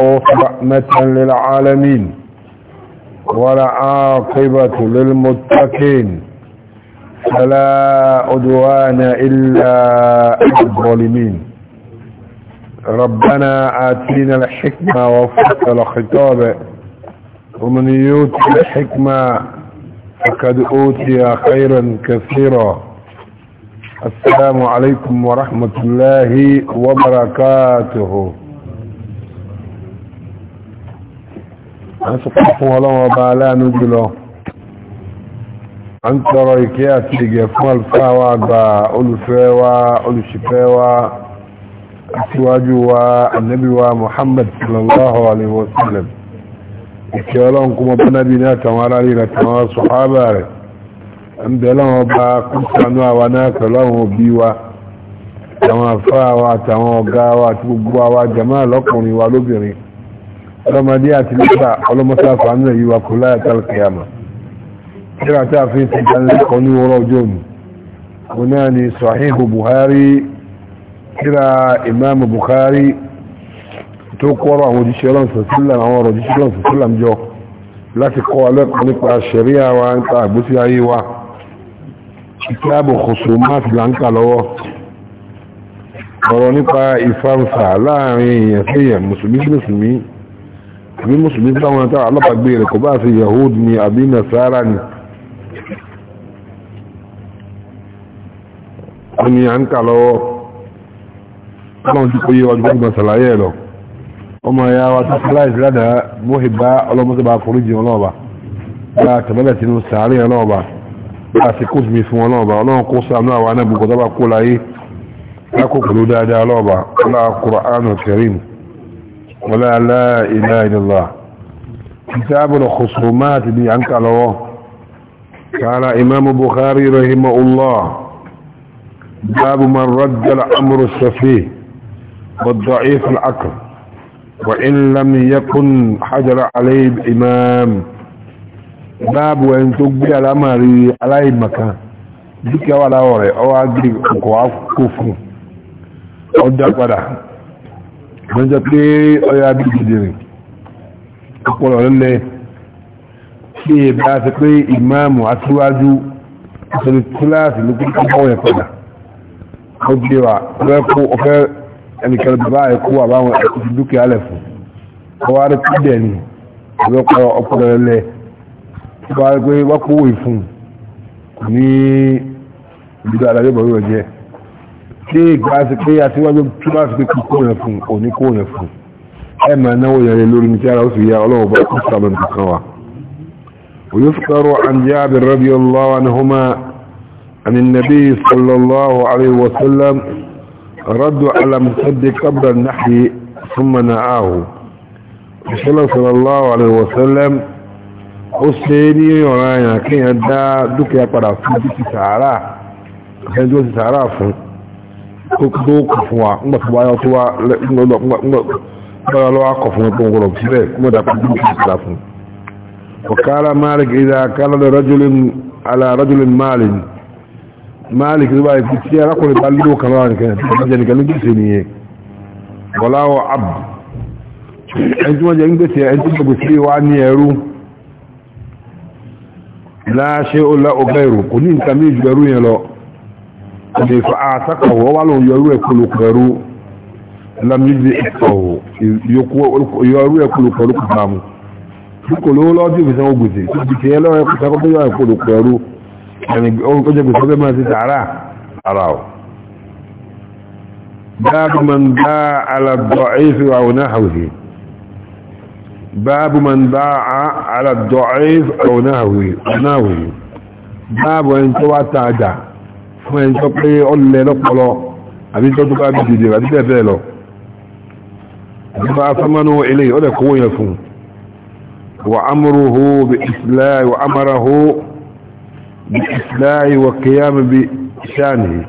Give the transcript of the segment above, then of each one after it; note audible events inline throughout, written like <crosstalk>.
المبعوث رحمة للعالمين ولا عاقبة للمتقين فلا عدوان إلا الظالمين ربنا آتينا الحكمة وفق خطابه ومن يوتي الحكمة فقد أوتي خيرا كثيرا السلام عليكم ورحمة الله وبركاته a ń sọpá fún ọlọ́wọ́ ọba aláàánú jùlọ a ń tọrọ ìkẹ́ àti ìgẹ̀ fún àlùfáà wa àgbà olùfẹ́ wa olùṣìfẹ́ wa aṣíwájú wa annabi wa muhammad sallallahu alaihi wasallam ìkẹ́ ọlọ́run kúmọ bánábí ní àtàwọn aráàlú àtàwọn sọ̀hábà rẹ̀ ọlọ́mọdé àti lọ́pàá ọlọ́mọsáfà náà yíwa kò láyàtà alkiyama kíra tí a fi ti dánilẹ́kọ̀ọ́ ní wọ́rọ̀ ọjọ́ òní kò náà ni sahihu buhari kíra imam buhari tó kọ́rọ̀ àwọn òjíṣẹ́ ọlọ́nsọ̀sílẹ̀ àwọn ọ̀rọ̀ òjíṣẹ́ ọlọ́nsọ̀sílẹ̀ jọ láti kọ́ alẹ́kọ̀ọ́ nípa ṣẹ̀ríà láàrin èèyàn sí èèyàn mùsùlùmí àbí mùsùlùmí táwọn táwọn alábàgbé rẹ̀ kò a sí yahood ni àbí nasara ni onye ni à ń kà lọ́wọ́ ọlọ́run tí kò yé wa gbọ́gbọ́n sàlàyé ẹ̀ ọ ma ya wa tó fúláìsì ládàá mọ́hìbá ba foríjì ọlọ́ọ̀bà bá tẹ̀mẹ́lẹ̀ tinú sàárè ọlọ́ọ̀bà bá ti kó mi fún ọlọ́ọ̀bà ọlọ́run kó sàánú àwọn anábùkọ́ tó bá kó láyé lákòókò ló dáadáa ba ọlọ́ọ̀kùrọ̀ ánù kẹrin ولا لا إله إلا الله كتاب الخصومات دي عنك على قال إمام بخاري رحمه الله باب من رد الأمر السفيه والضعيف العقل وإن لم يكن حجر عليه الإمام باب وإن تقبل الأمر عليه مكان ذكي ولا وري أو أقري أقوى كفر أدى wọ́n jẹ́ pé ọya bí gidere ọpọlọ̀ lẹ́lẹ́ tí è bá ṣe pé ìmáàmù aṣíwájú ìṣẹ̀lẹ̀ kíláàsì ló kúrò kọ́ yẹn padà ó gbé wa ọfẹ́ kó ọfẹ́ ẹnìkan bàbá ẹ̀ kó àbáwọn ẹ̀kọ́ dúkìá lẹ̀ fún ọwọ́ pé gbáàsì pé àtiwájú tó bá fi pé kókó yẹn fún òní kó yẹn fún ẹ máa náwó yẹn lórí ní tí ara ó sì yá ọlọ́wọ́ bá kó sábà nìkan wa ويذكر عن جابر رضي الله عنهما عن النبي صلى الله عليه وسلم رد على مسد قبر النحي ثم نعاه صلى الله عليه وسلم ó ṣe ní ọ̀rọ̀ àyàn kí ẹ dá dúkìá padà fún títí sàárà sàárà fún kókó kò fún wa ńgbà tó wáyọ́ tó wá lọ́wọ́ kọ̀ fún ẹgbẹ́ ọgbọ̀rọ̀ sílẹ̀ kúmọ̀ dàpọ̀ bí i ṣe fún ọ̀kára malik ìdá kára lọ rọ́jùlín malik malik ló bá ikú tí arákùnrin bá lúrò kan lọ́wọ́ nìkan jẹ́ nìkan ní gbèsè nìyẹn bọ́láwọ̀ ab ẹni tí wọ́n jẹ́ gbèsè ẹni tí gbèsè wá ní ẹrú láṣẹ́ ó lá ọgá ìrò kò ní nǹkan mí ìjùgbẹ̀rú yẹn lọ ẹni fa àtàkàwọ̀ wà lóun yọrú ẹ̀kọ́lù pẹ̀lú lámìlì ẹ̀kọ́wọ̀ yọrú ẹ̀kọ́lù pẹ̀lú kàmù kíkò lówó lọ́dún ìfẹsẹ̀ wọn gbèsè tó ti tẹ̀yẹ lọ́wọ́ ẹ̀kọ́ ẹ̀kọ́lù pẹ̀lú ẹni ohun tó jẹ gbèsè bẹ́ẹ̀ fún ẹni tó pé ọlẹ́ lọ́pọlọ àbí tó tó bá bí dìde àbí bẹ́ẹ̀ bẹ́ẹ̀ lọ nípa afẹ́mọ́nú ilé ọ̀dẹ̀ kówó yẹn fún wa amúrúhó bí isláì wa amárahó bí isláì wa kìyàmù bí sáàni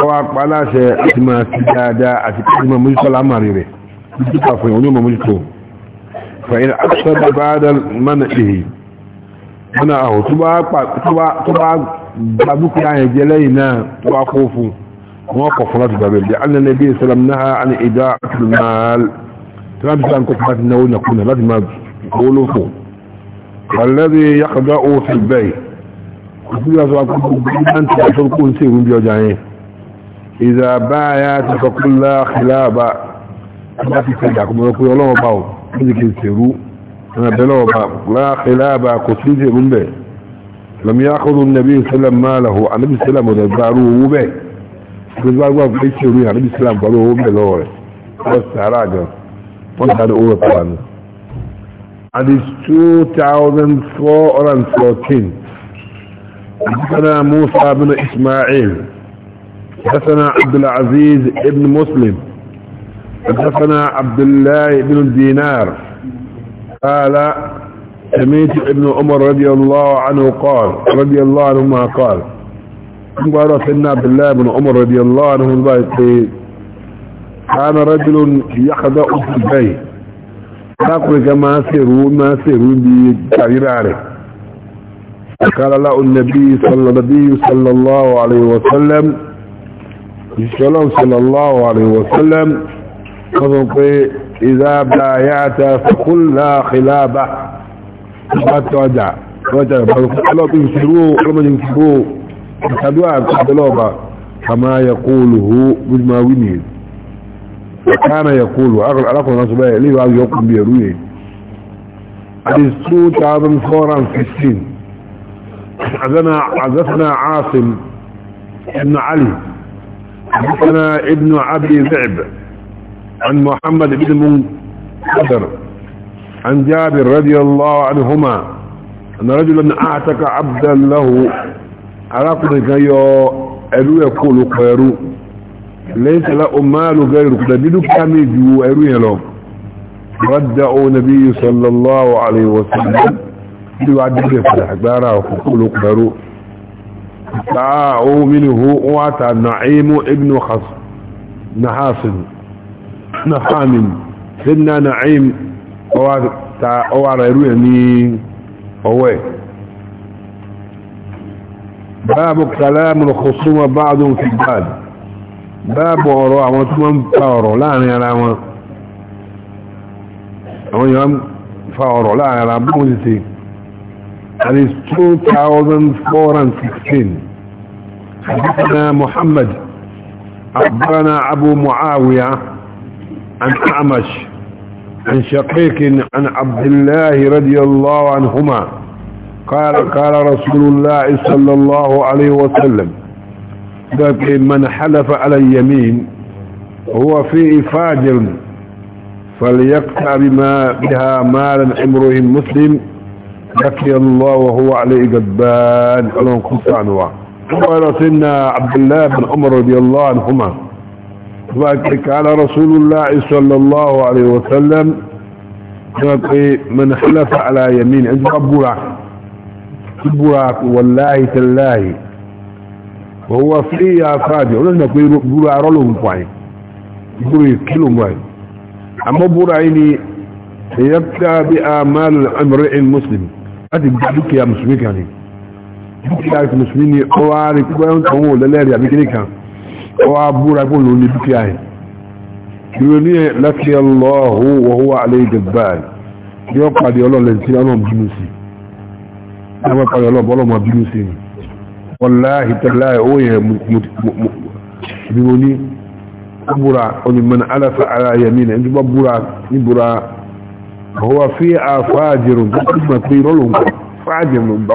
ọwọ́ apaláṣẹ àti máa ti dáadáa àti kí ma lámàrí rẹ̀ babuki an yajele ina wa kofu kuma ko fulatu babe bi anna nabi sallam naha an ida'atul mal tamam san ko fat na wona kuna lati ma qulu fu alladhi yaqda'u fi al-bay kuya zo ko an ta so ko se won bi ọjà yẹn idha baya fa kullu khilaba ma fi ta ko ko Ọlọ́run ba o ni ki seru na belo ba la khilaba ko ti se mun be لم يأخذ النبي صلى الله عليه وسلم ماله النبي صلى الله عليه وسلم دبره به بالبارو في شيء النبي صلى الله عليه وسلم قالوا به لوره واستعراجه وصار أول طبعا حديث 2414 حدثنا موسى بن إسماعيل حسنا عبد العزيز ابن مسلم حسنا عبد الله بن دينار قال سميت ابن عمر رضي الله عنه قال رضي الله عنهما قال قال سيدنا عبد الله بن عمر رضي الله عنه كان رجل يخدع في البيت تقول كما سيرون ما سيرون بكبيراره قال له النبي صلى النبي صلى الله عليه وسلم صلى الله عليه وسلم قال إذا بايعت فقل لا خلابه láti ọjà lọ́jà ọlọ́pí ìṣirò ọlọ́mọdé ìṣirò ìṣàdúrà àbẹ́lọ́ọ̀bà kàmá yẹkóòlù hó bíjúmá wíní kàmá yẹkóòlù alákọ̀ọ́nà sọ bẹ́ẹ̀ léwà yọkùn bí ẹ̀rú yẹn àti 2415 عزفنا عاصم ابن علي حدثنا ابن عبد ذعب عن محمد بن منقدر عن جابر رضي الله عنهما أن رجلا أعتك عبدا له أراقنا كيو ألو يقول قيرو ليس لا مال غير كدبيدو كامي جو ألو يلو ردعوا نبي صلى الله عليه وسلم دي عدد فلح بارا وقول قيرو تعاو منه وعطى نعيم ابن خص نحاس نحام سنة نعيم ọwọ́ ara irú ẹ̀ ní ọwọ́ ẹ̀ báàbù kàlámùn kòsúnmọ̀ báàdùn fi báàdì báàbù ọ̀rọ̀ àwọn tí wọ́n ń fa ọ̀rọ̀ láàrin ara wọn àwọn èèyàn fa ọ̀rọ̀ láàrin ara bóun ti ṣe and it's 2416 حدثنا محمد أخبرنا أبو معاوية عن أعمش عن شقيق عن عبد الله رضي الله عنهما قال قال رسول الله صلى الله عليه وسلم لكن من حلف على اليمين هو فيه فاجر فليقطع بما بها مالا امره مسلم لقي الله وهو عليه قدبان اللهم قص عنه قال سيدنا عبد الله بن عمر رضي الله عنهما قال رسول الله صلى الله عليه وسلم من حلف على يمين عند ربك بوراك والله تالله وهو فيها صادق ولن يقول بورا رلهم فاين بورا كلهم فاين اما بورا يعني يبتع بآمال امرئ المسلم اتبع بدك يا مسلمين يعني بدك يا مسلمين اوارك وانت هو لله يا بكريك يعني wa búra kó ló ní dúkìá yìí ìlú ní lákì ọlọ́hu wọ́húwà alẹ́ ìdẹ̀bà yóò pàdé ọlọ́lẹ̀ tí ọlọ́run bínú sí ẹgbẹ́ pàdé ma bínú sí ni wọláhì ya ó yẹ bí mo ní búra onímọ̀nà ara yẹmí ní ẹjọ́ búra ní bura wọ́wọ́ fí àfáàjẹrùn tó kí mọ̀ pé rọ́lùn fáàjẹrùn bá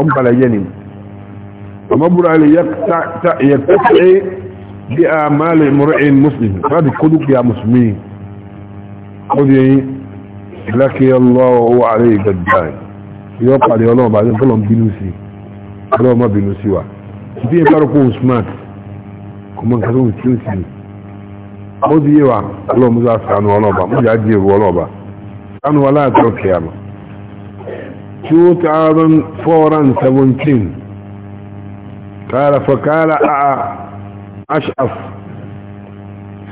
bí a máa lè muslim láti kúrú pé a musulmi ó di yẹn lákí ọlọ́wọ́ ààrẹ ìgbẹ̀dà yóò pàdé ọlọ́wọ́ bá jẹ́ fọ́lọ̀ bínú sí wa bí i párọ̀pọ̀ usman kuma mọ́ nǹkan tó wa tí ó sì ó di yẹwà ọlọ́wọ́ mú sáà sànú ọlọ́ọ̀bá mú jà jẹ́ ìrù ọlọ́ọ̀bá sànú wa láàtọ̀ 2017 أشعف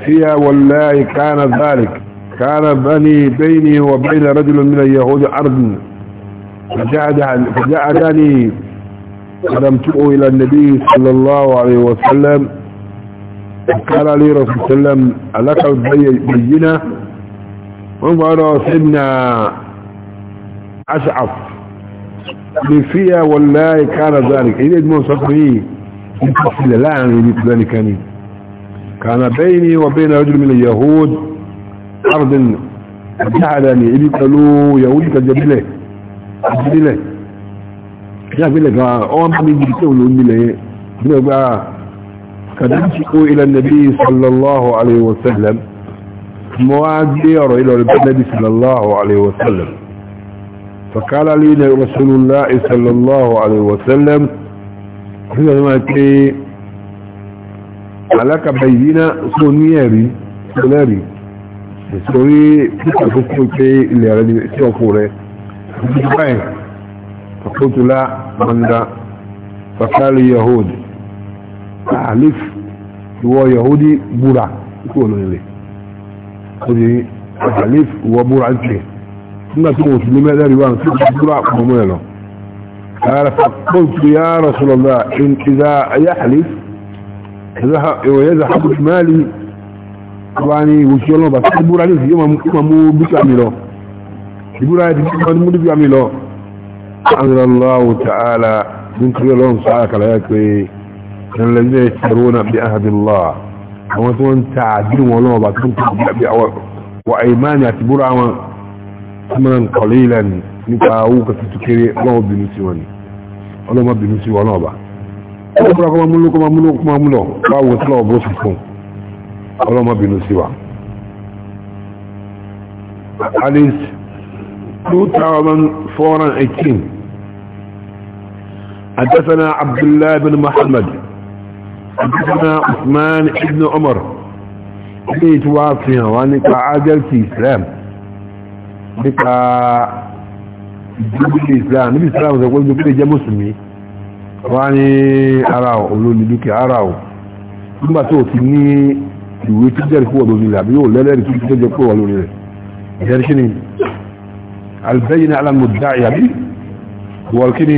هي والله كان ذلك كان بني بيني وبين رجل من اليهود أرض فجعلني قدمته إلى النبي صلى الله عليه وسلم قال لي رسول الله وسلم ألك بينا وقال سيدنا أشعف لفيا والله كان ذلك إذا إدمون صفريه لا يعني يبيت ذلك يعني. كان بيني وبين رجل من اليهود أرض جعلني إلي قالوا يهودي كجبلة جبلة يا بلة قال أوام من جبلة ونقول بلة بلة إلى النبي صلى الله عليه وسلم مواد موادير إلى النبي صلى الله عليه وسلم فقال لي رسول الله صلى الله عليه وسلم ọ̀fíìsì ọ̀nà máa pé alákàbà yìí náà sọ ní ẹ̀rí sọ lẹ́rí ìsorí pípa tó kí o pé ilẹ̀ rẹ ní sí ọkọ rẹ ìdíjú báyìí ọ̀pọ̀tula manda fakari yahudi alif ìwọ قال فقلت يا رسول الله إن إذا يحلف ويذهب بشمالي طبعني وشي الله بس يقول عليه في يوم مو بيعمله يقول عليه في يوم مو بيعمله أنزل الله تعالى من كل لهم سعاك على يكوي الذين يشترون بأهد الله هو تون تعدين والله بس وأيمان يعتبر ثمنا قليلا nípa owó kan tuntun kéré ọlọ́wọ́ bínú sí wọn ni ọlọ́wọ́ bínú sí wọn náà bá ọlọ́wọ́ kọ́ máa múlò kọ́ máa múlò kọ́ máa múlò bá wọ́n tí lọ́wọ́ bó sì fún ọlọ́wọ́ bínú sí wa. alice two thousand four hundred eighteen حدثنا عبد الله بن محمد حدثنا عثمان بن عمر بيت واصية وانك عاجلت اسلام بك ìdílé islam níbi islam sọ pé gbogbo ilé jẹ́ mùsùlùmí wọ́n ní ara olóòní dúkìá ara ò nígbà tó ti ní ìwé tó jẹ́rìí fún ọ̀dọ̀ nílẹ̀ àbí yóò lẹ́lẹ́rìí tó tó jẹ́ pé wà lórí rẹ̀ jẹ́rìí kí ni albayin ala mudda'i àbí wọ́n kí ni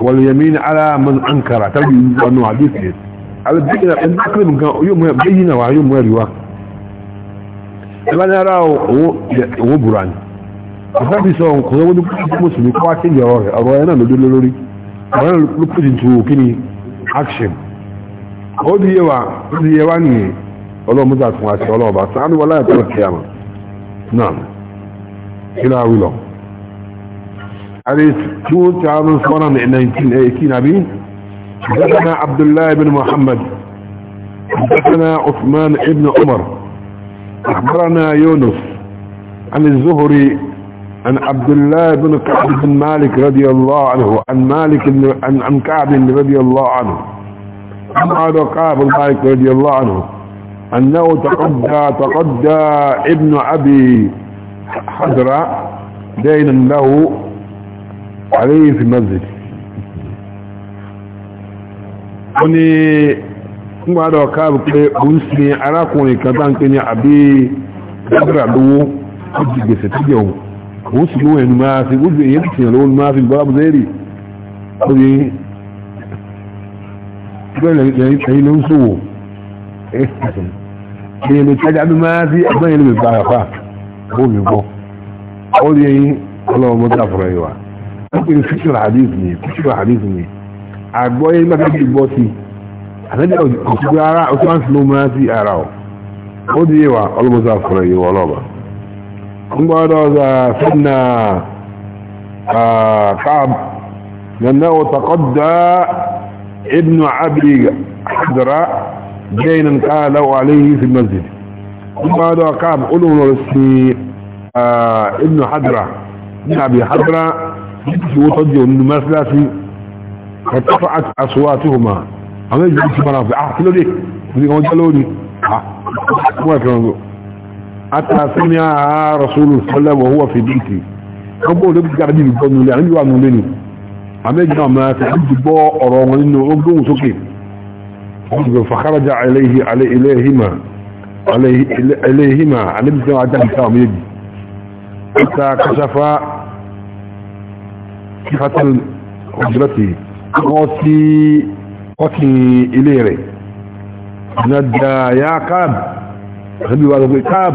wọ́n yamin ala man ankara tàbí ìwọ̀nù àdéhùn albayin ala mudda'i yóò mú ẹ̀rí wa ẹ bá ní ara owó burani àbábí sọ òun kò lọ́wọ́ ní mùsùlùmí kọ́ akéde ọ̀rọ̀ rẹ̀ ọ̀rọ̀ ẹ̀ náà ló dúró lórí ọ̀rọ̀ náà ló put into kíni action ó di yé wa ó di yé wa nìyẹn ọlọ́mú dà fún àti ọlọ́ọ̀bà sáánù wọlé àti ọ̀kẹ́ àmà náà kí ló àwìlọ. عليه two thousand four hundred nineteen eighteen أبي حدثنا عبد الله بن محمد حدثنا عثمان بن عمر أخبرنا يونس عن الزهري عن عبد الله بن كعب بن مالك رضي الله عنه عن مالك عن عن كعب رضي الله عنه عن عبد كعب بن مالك رضي الله عنه أنه تقدى تقدى ابن أبي حضرة دينا له عليه في المسجد وني nígbà àdọ̀ káàbù pé òun sin arákùnrin kan bá ń àbí ẹgbẹ̀rẹ̀ àdówó ó di gbèsè ó sì mú ẹnu máa fi ó sì èyí sì lọ́wọ́ máa fi bọ́lá bọ́lẹ́rì ó yẹ bẹ́ẹ̀ lẹ́yìn ló ń sòwò èyí lè tajà bí máa sí ẹgbẹ́ yẹn lè bá àfà ó lè bọ́ ó yẹ ọlọ́wọ́ mọ́tò àfọ̀rọ̀ yìí wa ó pè fíṣọ̀rọ̀ hadith ni fíṣọ̀rọ̀ hadith ni àgbọ̀ yẹn bá هم قالوا سيدنا كعب لأنه تقدى ابن عبد حضرة دينا قالوا عليه في المسجد ثم هذا كعب قلوا لسي آه، ابن حضرة ابن أبي حضرة وتجوا من مثلثي فارتفعت أصواتهما أما يجب أن تبرا في أحد لديه ويقول لوني ها حتى سمعها رسول الله صلى الله عليه وسلم وهو في بيته ọgbọ́n olóbi gbára níbi gbọ́ nulẹ̀ àníbi wà nulẹ̀ ni àmẹ́jì náà máa tẹ̀ àbí gbọ́ ọ̀rọ̀ wọn nínú ọgbọ́n sókè ọgbọ́n fàkàràjà aléhìmà aléhìmà àníbi tí wọ́n ajáde sáwọn méjì ìta kàṣàfà kífàtàl ọjọ́tì ọtí ilé rẹ̀ nàdà yá káàb àníbi wà lọ́gbẹ́ káàb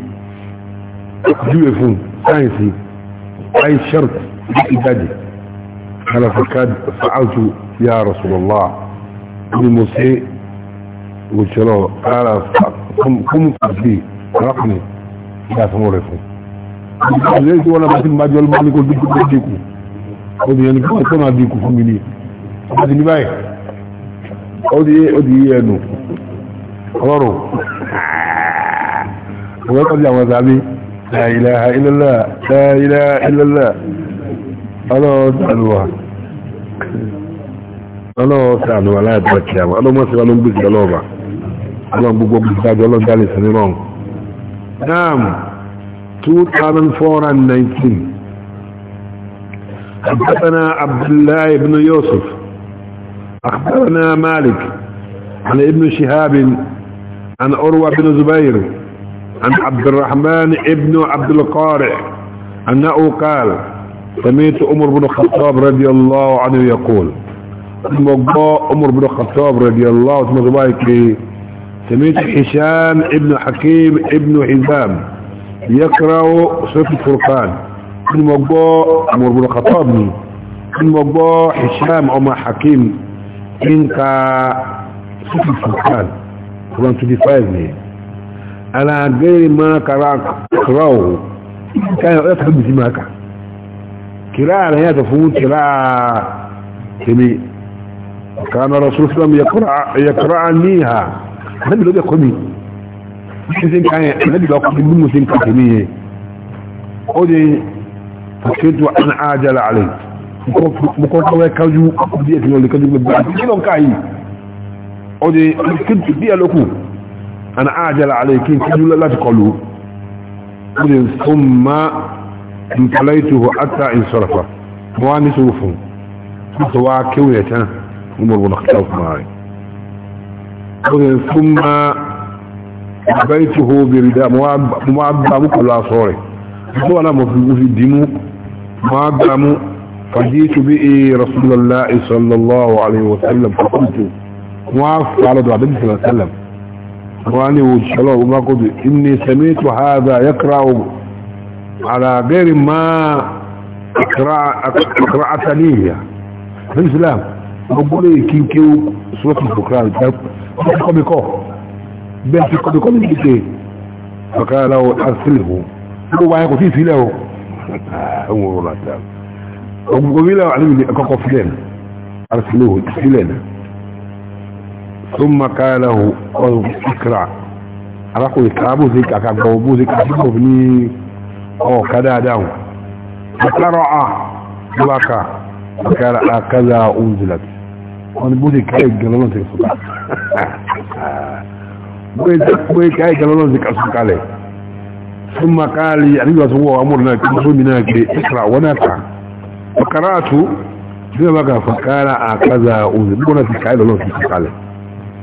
júwe fún sáyẹ̀nsì ayé sẹ́rẹ̀t ìdájì alafakad fa'altu ya rasulallah ni mo ṣe òṣèlọ ara fún kàbí rákùnrin ìdá fún rẹ̀ fún ilé tí wọ́n lábàtí bá jọlọ́ máa ní kó dúkú tó dínkù obìnrin ní kó máa dínkù fún mi ní ọmọ ti ní báyìí ó di yé ẹnu ọlọ́run ọ̀rọ̀ kọjá àwọn sábẹ́ لا إله إلا الله لا إله إلا الله أنا أسألها أنا أسألها لا يتركها أنا ما سألهم بك جلوبة أنا بقوا بك جلوبة دالي سنيرون نعم 2419 حدثنا عبد الله بن يوسف أخبرنا مالك عن ابن شهاب عن أروى بن زبير عن عبد الرحمن ابن عبد القارئ أنه قال سميت عمر بن الخطاب رضي الله عنه يقول مقبا عمر بن الخطاب رضي الله عنه سميت حشام ابن حكيم ابن حزام يقرأ سورة الفرقان مقبا عمر بن الخطاب مقبا حشام أما حكيم إنك سورة الفرقان 125 على غير ما قرأه كان يفهم بسماك كراء لا يتفوت كراء تمي كان الرسول صلى الله عليه وسلم يقرأ يقرأنيها النبي لو يقومي سين كان النبي لو قد من سين كتمي ودي فكنت وانا عاجل عليه مكوكو وكاجو ديت لو كاجو بالبعد كيلو كاي ودي كنت بيا لكم أنا أعجل عليك ان كنت لا تقلوا ثم انطليته حتى انصرف واني سوفهم سواء كوية عمر بن الخطاب معي ثم بيته برداء معظم كل صوري هو انا في الدم معظم فجيت به رسول الله صلى الله عليه وسلم فقلت وعف على دعاء النبي صلى الله عليه وسلم wani wuce shalau ma kudu inni samitu hadha yakra'u ala ghairi ma akra'ataniya bin islam gbogbo kí kí ó sọ́tù fòkàrà kọ́bíkọ́ bẹ́ẹ̀ ti kọ́bíkọ́ ní ìdíje fòkàrà láwọ́ àṣílẹ̀hù ó wáyé kò sí ìfilẹ̀ o àwọn òrùn àtàrà ọgbogbo wílẹ̀ àlúmìnì ẹ̀kọ́kọ́ fílẹ̀ àṣílẹ̀hù ìfilẹ̀ náà ثم قاله اقرا arako ikabu zika kagbo bu zika kagbo ni oh, o kada dawo akara laka akara akaza ah, unzilat on bu zika galon <laughs> zika suka bu zika bu zika galon zika suka le ثم قال يعني لو هو امرنا كمسلمين اقرا ونقرا فقرات ذي بقى فقال اكذا انزل بنا في قال لو في قال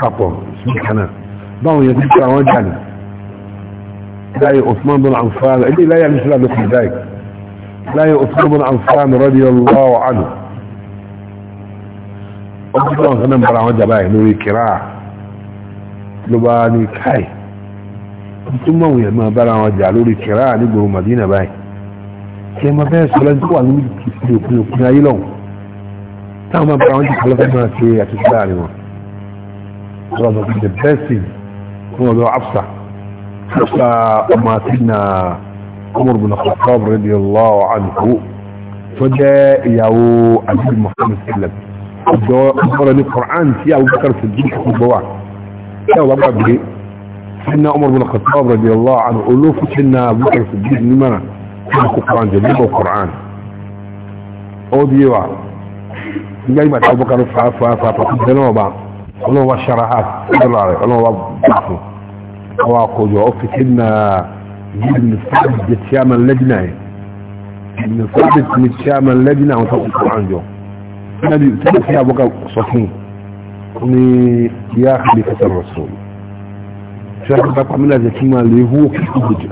papọ̀ sí kaná báwọn yẹn títí àwọn jàní láyé osman bin amfani ilé láyé alìsílá ló kùn dáì láyé osman bin amfani radiyallahu anhu ọdún tó wọn kanáà bára àwọn jàbá yẹn lórí kira ló bá ní káì tún máwọn yẹn máa bára àwọn jà lórí kira ní gbòòrò madina báyìí kí ẹ máa fẹ́ sọ lẹ́yìn tó wà ní òkun òkun ayé lọ́wọ́ táwọn máa bára àwọn jà lọ́fẹ́ máa ṣe àtúntò láàrin wọn rọ̀bọ̀ bí the best thing fún ọ̀dọ̀ afsa afsa ọmọ àti na Umar bin Khattab radiyallahu anhu tó jẹ́ ìyàwó àbí Muhammad sallam ọ̀dọ́ ọ̀rọ̀ ní Quran tí Abubakar Siddiq kò gbọ́ wa tí àwọn bàbá gbé sinna Umar bin Khattab radiyallahu anhu olófù sinna Abubakar Siddiq ní mara tí wọ́n kó Quran jẹ́ nígbà Quran ó bí nígbà yìí bàtà Abubakar fàáfàáfàá pàtó bẹ́ẹ̀ náà bá ọlọ́wọ́ ṣarahat ọlọ́rẹ̀ ọlọ́wọ́ bàtò àwọn àkójọ ọ́fíìsì na ibn sabit di chairman lẹ́dínà yìí ibn sabit ni chairman lẹ́dínà àwọn tó kùkù àjọ níbi tí ó fi àbúkà sọ fún ní ya khalifatar rasul ṣáàkì bá pàmílà jẹ́ kí máa lè hú òkúti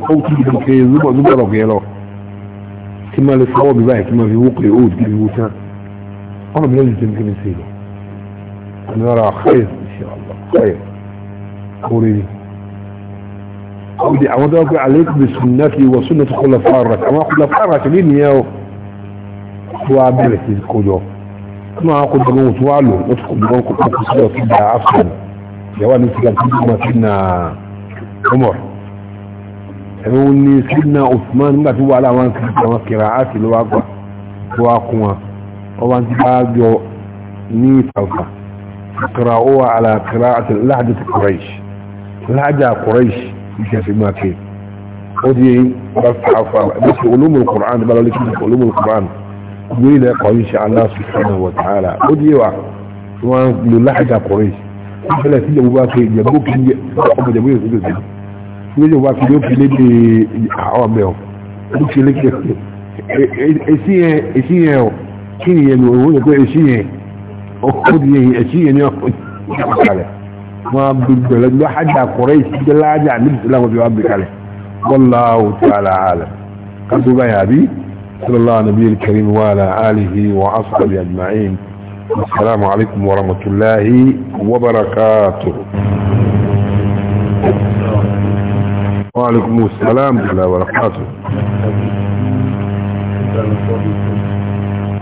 òkúti òkè zúbọ̀ zúbọ̀ rọ̀ gẹ́lọ́ kí máa lè fọwọ́ bí báyìí kí máa fi hú òkè òkè òkè òkè نرى خير ان شاء الله خير قولي أودي أودك عليك بسنتي وسنة خلفاء الراشدين أما خلفاء الراشدين يا وابلك الكودو ما أقول لهم سؤاله أدخل لهم كل تفصيل في عفوا جوان سلام ما سيدنا عمر أنوني سيدنا عثمان ما تقول على وان كما قراءات الواقع واقوى وان تبادل ني توقع قراؤوها على قراءة لهجة قريش لهجة قريش كيف ما كيف ودي بس بس علوم القرآن بلا لك بس علوم القرآن ويلا قريش على سبحانه وتعالى ودي واحد لهجة قريش ìfẹ́lẹ̀ sí ìjọba kí ìjẹ̀bú kí ọmọ ìjẹ̀bú yóò sílẹ̀ sílẹ̀ ní ìjọba kí yóò fi lébi àwọn ọmọ ẹ̀ ó fi lébi èsì yẹn ọ̀ kí nìyẹn ni òun yẹ pé èsì يعني أخذ له أشياء يأخذ ما عبد الله حد قريش عبد الله جاء لا له بيوابك عليه والله تعالى عالم قد بها بي صلى الله نبي الكريم وعلى آله وأصحابه أجمعين السلام عليكم ورحمة الله وبركاته وعليكم السلام ورحمة الله وبركاته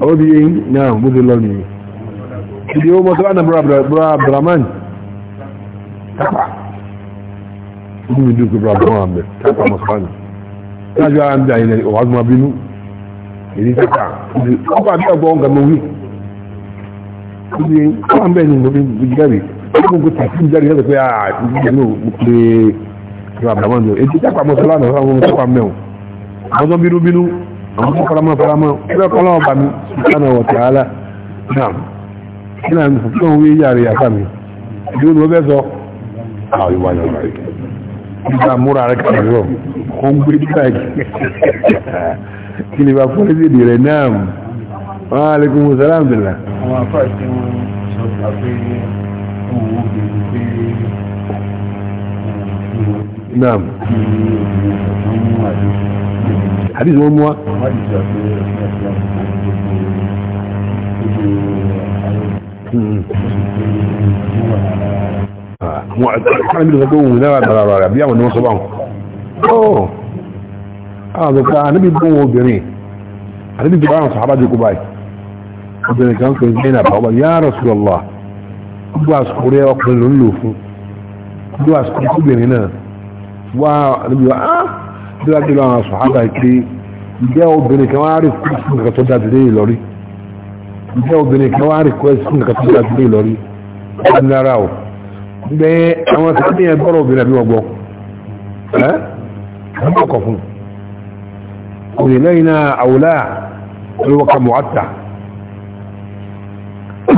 ó di yẹn náà bó ti lọ nìyẹn ìdí ó mọ́ tó wà ní bra abdulrahman tápà ó mi dùn pé bra abdulrahman bẹ tápà mọ̀ sọ́nà lájú ara ń bí àyẹ̀lẹ̀ ọ̀hádùn abínú èyí tápà ọkọ̀ àbí ọgbọ́n nǹkan mọ̀ wí ó di yẹn wà ń bẹ́ẹ̀ ni mo fi jáde ó kò tà sí jáde lọ́dọ̀ pé àà ah, ìdíje àwọn faramọ́ faramọ́ ẹgbẹ́ kọ́lọ́wọ́ bá mi sùkánà wọ̀tí àálá náà kí náà fún òun yíyà rẹ̀ àfà mi ìdíwọ́n ló bẹ́ sọ àwọn ìwà yọ̀ rẹ̀ nígbà múra rẹ̀ kàrẹ̀ àdìsí wọn mú wa. Hmm. Ah, wọn àtàkùn mi lọ sọ pé òun náírà dára rà bí àwọn ni wọn sọ bá wọn. àwọn àgbẹ̀ká oh! anábì ah, ah, gbọ́n wọn obìnrin anábì gbọ́n àwọn sàhábà jókòó báyìí obìnrin kan kò ní àbá ọba yá Rasulullah gbogbo àsìkò rẹ ọkùnrin ló ń lò fún gbogbo àsìkò obìnrin náà wá anábì wá áá bí wọ́n dúró àwọn sọ̀hábà pé ǹjẹ́ obìnrin kan wá rí fún nǹkan tó dájú lé lórí ǹjẹ́ obìnrin kan wá rí fún nǹkan tó dájú lé lórí wọ́n nára o ǹjẹ́ àwọn sábẹ́ yẹn gbọ́rọ̀ obìnrin àbí wọ́n gbọ́ ẹ́ wọ́n kọ̀ fún òye lẹ́yìn náà àwòlá olówó ka mọ̀ọ́ta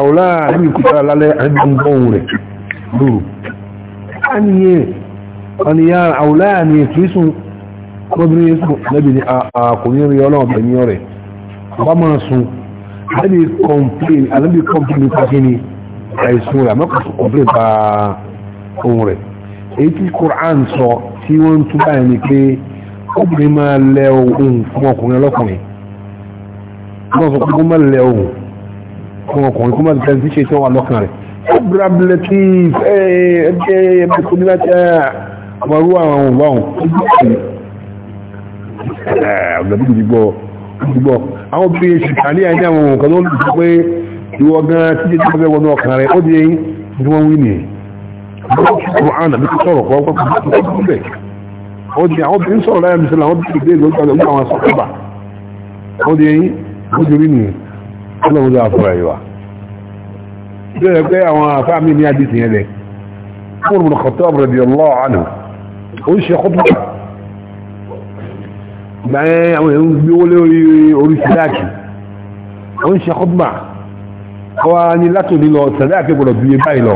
àwòlá ẹni kúta lálẹ́ ẹni gbọ́n àwòlá ni kìí ọmọbìnrin yẹn sùn lẹ́bi ni àkùnrin rí ọlọ́wọ́ bẹ̀mí ọ̀rẹ́ ọba máa sun alẹ́bi kọ́mplẹ̀n alẹ́bi kọ́mplẹ̀n nípa kí ni àìsùn rẹ̀ àmọ́ kọ́sùn kọ́mplẹ̀n pa ohun rẹ̀ èyí tí Quran sọ tí wọ́n ń tún báyìí ni pé obìnrin máa lẹ ohun fún ọkùnrin ọlọ́kùnrin wọ́n sọ pé kó má lẹ ohun fún ọkùnrin kó má tẹ̀lé tí ṣe tó wà lọ́kàn rẹ̀ abúrábìlẹ̀ tí ẹgbẹ́ ẹgbẹ́ tó ní láti ọmọ rú àwọn ohun báwọn ọ̀gbẹ̀bí gbígbọ́ gbígbọ́ àwọn obìnrin ṣìkà ní àìní àwọn nǹkan ló ń lù pé ìwọ gan tí jẹ́ jẹ́ wọnú ọkàn rẹ̀ ó di eyín tí wọ́n wí nìyí ọ̀hánà bí kò sọ̀rọ̀ kọ́ ó di àwọn obìnrin sọ̀rọ̀ láyé mi sílẹ̀ àwọn obìnrin dé lórí ọjọ́ àwọn sọ̀rọ̀bà ó di eyín ó ìgbà yẹn àwọn èèyàn ń gbówó lórí orí sàdáàkì ó ń ṣe kọ́bà ọwá ní látòlí lọ sàdáàkì gbọ́dọ̀ bí i báyìí lọ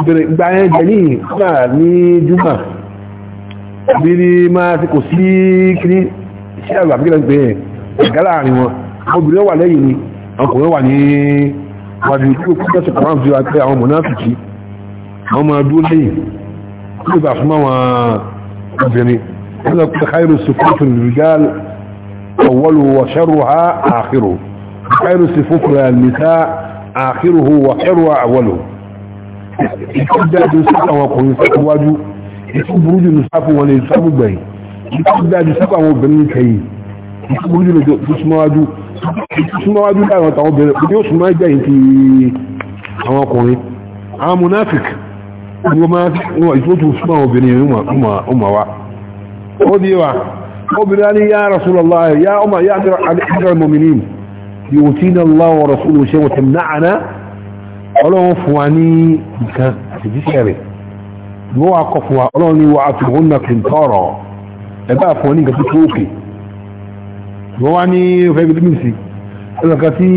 ìbẹ̀rẹ̀ ìgbà yẹn jẹ̀lì kọ́bà ní júmà bí ní máa ti kò sí kiri iṣẹ́ àgbà bí kílẹ̀ ń pè é ẹ̀gá láàrin wọn obìnrin wà lẹ́yìn ni ọkùnrin wà ní wàjú kí ó kẹ́sì kọ̀ọ̀rán fi wá pé قلت خير السفوف للرجال اوله وشرها اخره خير السفوف للنساء اخره وحروا اوله يتبدا جنسك وقل يسك واجو يتب رجل نصاف ولا يصاب به يتبدا جنسك وبنك هي يتب رجل جسم واجو جسم واجو لا يتعب بني وسماء جاي انت اوقعي اه منافق هو ما هو يتوتو اسماء وبنيه هما هما هما وديوا وبراني يا رسول الله يا أمة يا أمير المؤمنين يؤتينا الله ورسوله شيء وتمنعنا ولو فواني كان في شيء هو قفوا ولو وعطوهن كنتارا ẹ̀bá fún ní nǹkan tó tóókè wọ́n wá ní ọ̀fẹ́ ibi mímì sí ẹ̀lọ́ka tí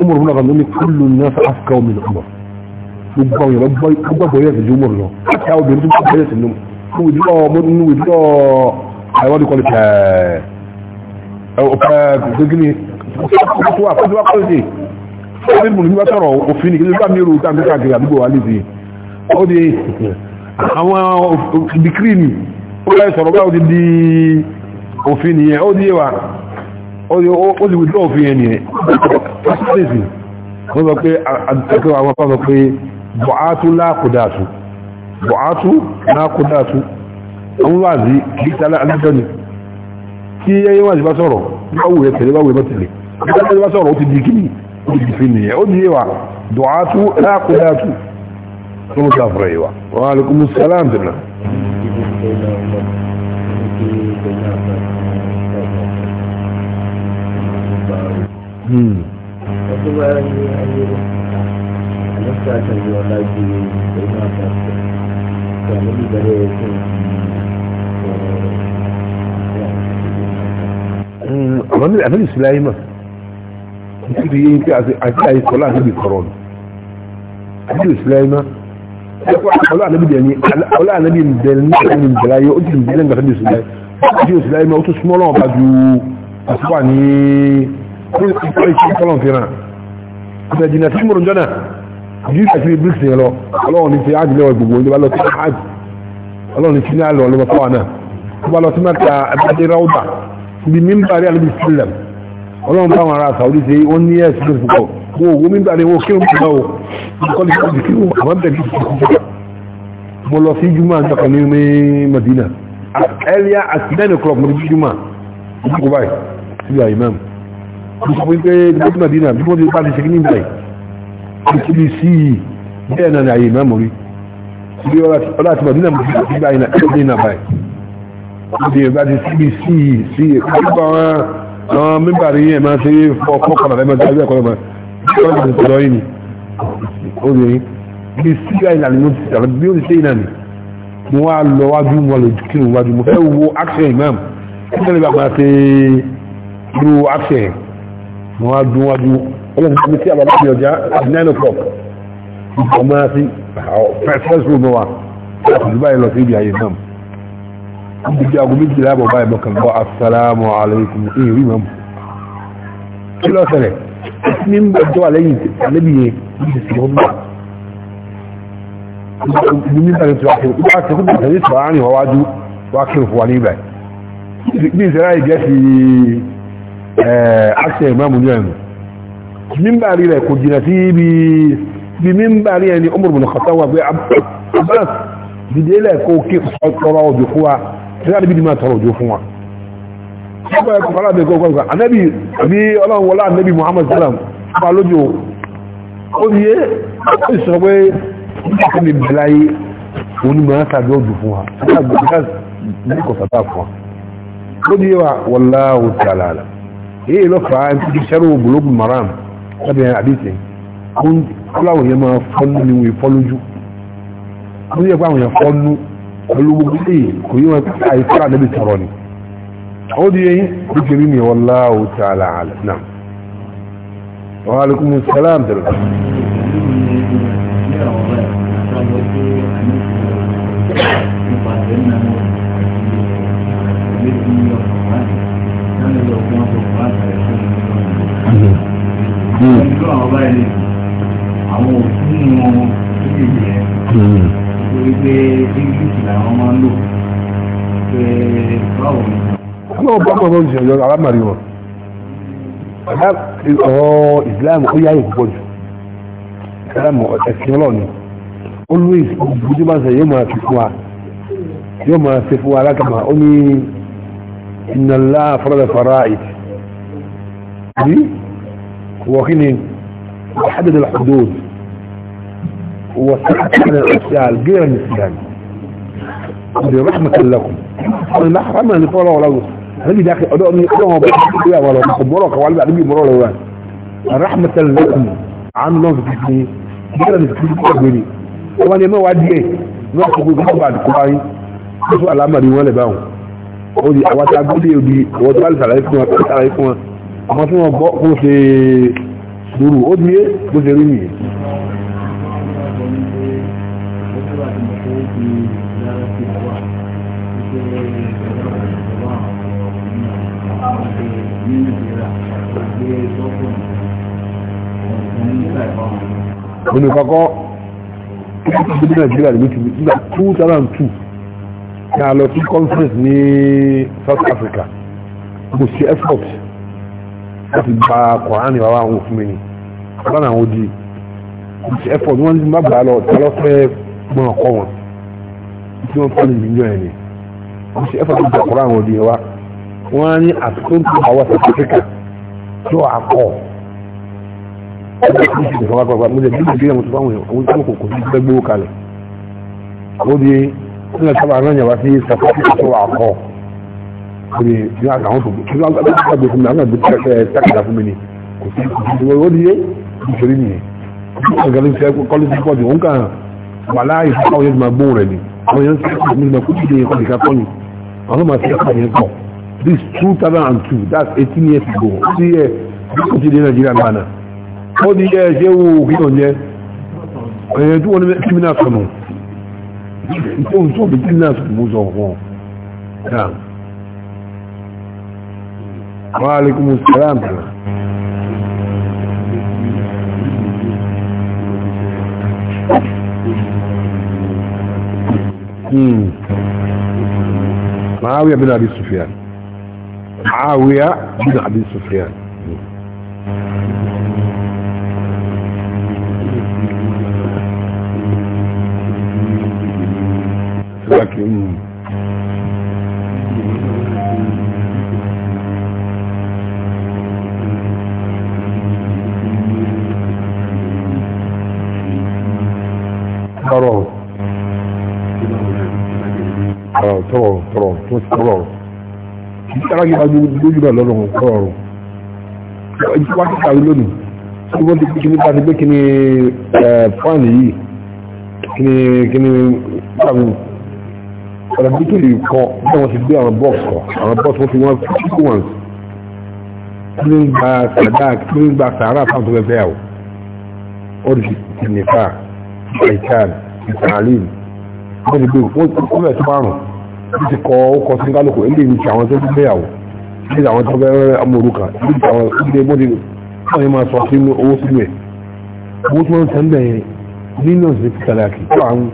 ọmọrùn náà ní kúlù náà sọ áfíkà omi lọ́gbọ̀n withdraw mo withdraw i call it eh gini tó wà fún ìwà kọ́lẹ̀dì ọdún mùsùlùmí bá sọ̀rọ̀ òfin nìkan nígbà mí rúta nípa àgbẹ̀ àdúgbò wa lè fi ó di àwọn dìkírì ni ó lẹ́ sọ̀rọ̀ bá ó ti di òfin nìyẹn ó di ẹwà ó ti wùdó òfin yẹn nìyẹn wọ́n sọ pé àwọn afọ́ pé bọ̀ á tún láàkùdà bu'atu naqudatu àwọn wazi bi tala aladani tí yayi wazi bá sọ̀rọ̀ ba wo tẹ̀lé ba wo ba tẹ̀lé ba bá sọ̀rọ̀ ó ti di kíni ó ti fi ni ó di wa du'atu naqudatu ko mo safra wa wa alaikum assalam dinna Hmm. Ọdún wa ayé rẹ̀, àlọ́sà àtàwọn ọ̀la ju ìgbẹ́ náà àmọ́ àbẹ́lì sílẹ̀ ayé mọ̀ nítorí yé pé àti àyè kọ́lá àbẹ́lì kọ̀rọ̀ nù àbẹ́lì sílẹ̀ ayé mọ̀ ọlọ́ ànábì dẹ̀ ni ọlọ́ ànábì dẹ̀ ní ẹni bẹ̀rẹ̀ ayé ó ti bẹ̀rẹ̀ nígbà tẹ́lẹ̀ sílẹ̀ àbẹ́lì sílẹ̀ ayé mọ̀ ó tún súnmọ́ lọ́wọ́ bá ju àtúwà ní kọ́lọ̀ fìràn àbẹ̀dìnà tí mo rò jọ́nà àbí ìfàkiri bíríkì yẹn lọ ọlọ́run ní ti ájì lẹ́wọ̀ gbogbo ìjọba lọ sí ájì ọlọ́run ti ní àlọ́ ọlọ́mọ fáwọn náà wọ́n bá lọ sí mẹ́ta àbájáde ráúdà ibi mímbàrí alẹ́bí sílẹ̀m ọlọ́run báwọn ará sàúdí ṣe wọ́n ní ẹ̀sìn lórí púpọ̀ wọ́n owó mímbàrí wọ́n kí wọ́n náà nǹkan ní ọdún kí wọ́n àmọ́ bẹ̀rẹ̀ sí ìṣẹ́ mo lọ sí júmọ́ àjọkọ̀ ní Madina earlier at nine o'clock mo ní júmọ́ ìdíkò báyìí síbi àìmọ́ mo bí ọlá ti mọ̀dínà mọ̀ sí ìgbà iná ẹgbẹ́ iná báyìí ọdún ìgbà ti cbc sí ìkọ́lùkọ́ àwọn mẹ́bà rí ẹ̀mà sí fọ́ọ̀kọ́ kan àbẹ́mọ́ sí ẹgbẹ́ ọ̀kọ́lọ́mọ́ ọdún ti tọ́lọ́ yìí obìnrin bí sí ìlànà ni mo ti sàrọ̀ bí ó ti ṣe iná ni mo wá lọ wájú mo lọ kí n wájú mo fẹ́ wo action imam kí ló lè bá máa ṣe irú action mo wá dún wájú ọlọ́run ti àbábá mi ọjà at nine o'clock ọmọ sí first room wa dubai lọ sí ibi ayé náà ibi bí aago méjìlá bọ̀ báyìí mọ̀kàn bọ́ asalaamu alaykum ee rí mọ̀mù kí ló ṣẹlẹ̀ ní bọ̀ tó wà lẹ́yìn àlébi yẹn ní ti sọ mọ́ kí wọ́n ti ní ibà ní ìsẹ̀rá nígbà rí rẹ̀ kò jìnà sí ibi bí mímbàrí ẹni Umar bin Khattab wà pé Abbas dìde lẹ́ẹ̀kọ́ kí tọrọ òjò fún wa tí a níbi ní máa tọrọ òjò fún wa ọgbà ẹ̀kọ́ fara bẹ̀ gọ́gọ́ gọ́gọ́ anábì àbí ọlọ́run wọlá anábì Muhammad salam bá lójò ó yé ó sọ pé ó ní bẹ̀láyé òun máa tàbí òjò fún wa ní kò sàtà fún wa ó di wa wallahu ta'ala èyí lọ fà á ń tí sẹ́rù bulugul maram lábẹ́ àdìsẹ́ kọ́láwò yẹn máa fọ́nú ni wọ́n fọ́lójú wọ́n yẹ pé àwọn yẹn fọ́nú pẹ̀lú gbogbo èyí kò yí wọn pé àìfọ́ra níbi tọ̀rọ̀ ni ó di yẹn bí kiri ni wallahu ta'ala a'lam wa alaikumus salam dẹ̀rẹ̀. Mm. Mm àwọn òbí wọn lóde yẹn hmm. nítorí pé english làwọn máa ń lò pé báwo ni. ọlọ́run bá bọ̀ lọ́dún ìṣẹ̀lẹ̀ alámàrí wọn ọ̀rọ̀ islam ó yáyè púpọ̀ jù islam ẹ̀sìn ọlọ́ọ̀ni always ojú máa ń sẹ̀ yóò máa fi fún wa yóò máa fi fún wa alákàmà ó ní inna Allah farada fara'id bí wọ́n kí ni وحدد الحدود وسعت على الاشياء غير النسيان برحمة لكم انا حرمنا لطولة ولا وصف هنجي داخل ادوني ادوني بحثي ولا مخبرك ولا بعدين يمروا لوان رحمة لكم عن نظر تسني غير النسيان wọ́n ni mọ́ wá díẹ̀ náà kò gbogbo bá àdìkú bá yín tó fún alámàrí wọn lè bá wọn ó di àwọn tí a gbọ́dọ̀ òdi àwọn tí wọ́n lè sàlàyé fún wọn sàlàyé fún wọn àwọn tí wọ́n gbọ́ kó ṣe é sùúrù ó di é bó ṣe rí nìyí. Ònì kọ̀kọ́ ní Nàìjíríà ló ti nígbà 2002 ní a lọ sí conference ní South Africa. Mo ṣe effort láti gba Kọ̀ránì wá wá àwọn òfin mi ni bá náà wọ́n di ẹ̀fọ́ ni wọ́n ti má bàa lọ tálọ́ fẹ́ mọ́ ọkọ wọn tí wọ́n fọ́n ní ìjọ yẹn ni wọ́n ti ẹ̀fọ́ tó gbà kọ́ra àwọn òdi wa wọ́n á ní àtúntò tó àwọn South Africa tó àkọ́ ẹ̀fọ́ tó ti sọ̀rọ̀ àgbàgbà mo jẹ́ bí ìgbéyàwó mo ti fáwọn èèyàn àwọn ìjọba kò kò sí fẹ́ gbówó kalẹ̀ ó di ó lè sábà rán yàrá sí South Africa tó àkọ́ ó di ní àwọn tó gbé fún mi àwọn àgbẹ̀ tó kẹ́kẹ́ sákàdá fún mi ni kò sí kò sí ìṣeré nìyẹn ọ̀gẹ̀lẹ̀ ìṣẹ́ kọ́lé ti pọ̀ jù òun kàn wà láàyè fún káwọn yẹn ti máa gbóhùn rẹ̀ ni àwọn yẹn ń sọ pé mímọ kó dìde yẹn kọ́ nìkan kọ́ ni àwọn máa ti ẹ̀ka yẹn kọ́ this two thousand and two that's eighteen years ago ó ti yẹ bí kò ti dé nàìjíríà lánàá ó ti yẹ ṣé wo òkìlò yẹn ẹ̀yẹ tí wọ́n ní kíminà sọnù tó ń sọ bí kíminà Wa alaikumus معاوية بن أبي سفيان معاوية بن أبي سفيان لكن sọ̀rọ̀ tó sọ̀rọ̀ ìtàlági bá lójú bá lọ́rùn sọ̀rọ̀ ìtàlági wá sí kàrí lónìí tí wọ́n ti pé kí ní bá ti pé kí ní fáànì yìí kí ní kí ní fáànì ọ̀rọ̀ bí kìlì kan bí wọ́n ti gbé àwọn bọ́ọ̀sì kọ̀ àwọn bọ́ọ̀sì wọ́n fi wọ́n kíkú wọn kí ní gba sàdá kí ní gba sàárà fáwọn tó fẹ́ fẹ́ àwọ̀ ọ̀rọ̀ ti gbé wọ́n ti gbé bí ti kọ́ ó sí kálukú ilé ìwé ti àwọn tó ń gbéyàwó ilé àwọn tó fẹ́ ọmọ òrùka ilé ti àwọn ilé bó ti wọ́n yẹn máa sọ sínú owó sínú ẹ̀ owó tí wọ́n ń sẹ́ńdẹ̀ yẹn nínú ọ̀sẹ̀ ti sàlàkì tó àwọn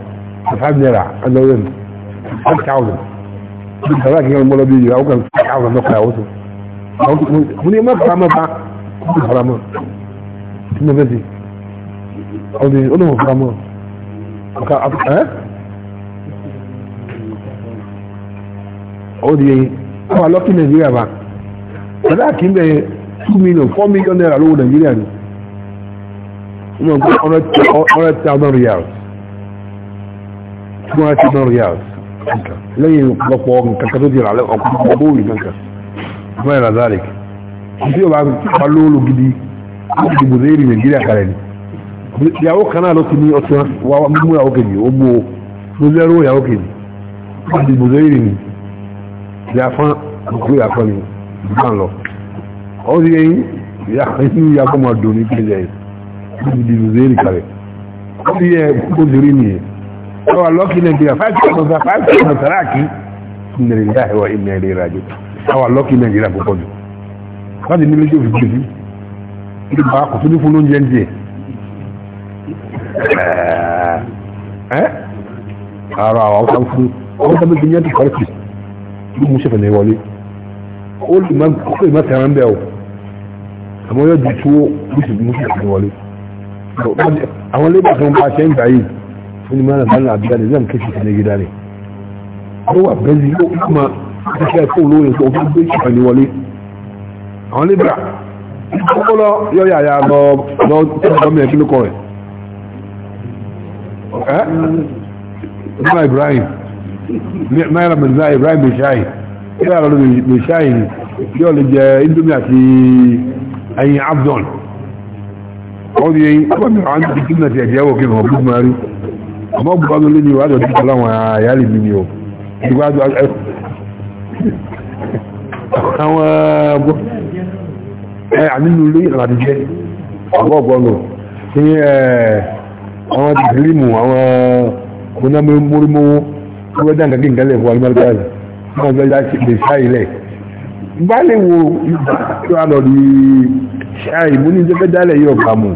five naira ẹlẹ́rìn five thousand bí sàlàkì yẹn mọ́ lọ́bí ìyá ó kàn five thousand lọ́kọ̀ àwọn tó mo ní ẹ má fara mọ́ bá ó ti fara mọ́ kí ni ó fẹ́ ti ọ̀dùn ó lóun fara mọ́ ọ̀ka ẹ́ ó di eyín àwọn lọ́kì nàìjíríà bá ọ̀dà kì í bẹ̀ two million four million naira lówó nàìjíríà ni wọ́n mọ̀ pé hundred thousand reals two hundred thousand reals lẹ́yìn lọ́pọ̀ kankan tó ti rà ọkùnrin bóòlù kankan fún ẹ̀rọ zarik tí o bá pa lóòlù gidi ó ti dìbò léèrè nàìjíríà kalẹ̀ ni ìyàwó kan náà ló ti ní ọtún wa mímú ìyàwó kejì ó mú o mo lẹ́rú ìyàwó kejì ó ti dìbò àti afán gbogbo ìyàfọ́ ni ìgbà lọ ó rí ẹyìn inú ìyàfọ́ máa dùn ní pẹ̀lẹ́ yìí níbi ìdìbò zéèrè kalẹ̀ ó rí ẹ gbogbo zéèrè nìyẹn ó wà lọ́kì nàìjíríà five thousand five thousand sàràkì ìnìrè láì wá ìnìrè rẹ̀ ìrìnàjò ó wà lọ́kì nàìjíríà púpọ̀ jù láti nílé tó fi gbé sí ní bá kò tó ló mú sẹfẹ̀ ní wọlé ó lè má ó lè má tẹ̀rán bẹ́ẹ̀ o àmọ́ yóò di tó ó sì mú sẹfẹ̀ ní wọlé àwọn lébà tó ń bá aṣẹ́ ń gbà yìí fún ìmọ̀ náà bánà àbídá ní ìlànà kéṣì ìsìn gíga rẹ̀ ó wà bẹ́ẹ̀ni ó kú ma ṣiṣẹ́ ẹ̀kọ́ olóyè tó fi gbé sẹfẹ̀ ní wọlé àwọn lébà kọ́kọ́lọ́ yóò yà ya lọ lọ tẹ́lẹ̀ lọ́mọ ẹ̀kí ló kọ́ rẹ̀ ẹ́ Ibrahim mẹ́rin mẹ́ta ibrahim bishai ilé àlọ́ bishai yóò lè jẹ indomie àti ẹyin abdon ó di ẹyin abọ́mí àwọn ti kí náà ti ẹ̀jẹ̀ wò kí wọ́n bú mari ọmọ bùkọ́ tó lé ní ìwádìí ọdún pẹ̀lú àwọn àyálì mi ni o àwọn ọgbọ́n ní àwọn ti kìlímù àwọn onámọ́rímọ́wó wọ́n bẹ́ dáǹkà kí nǹkan lè fún alimọ́lẹ́gbà rẹ̀ wọ́n bẹ́ ṣáì lẹ̀ bá lè wo tó àlọ́ ṣáì mú ní tó dálẹ̀ yóò bá mu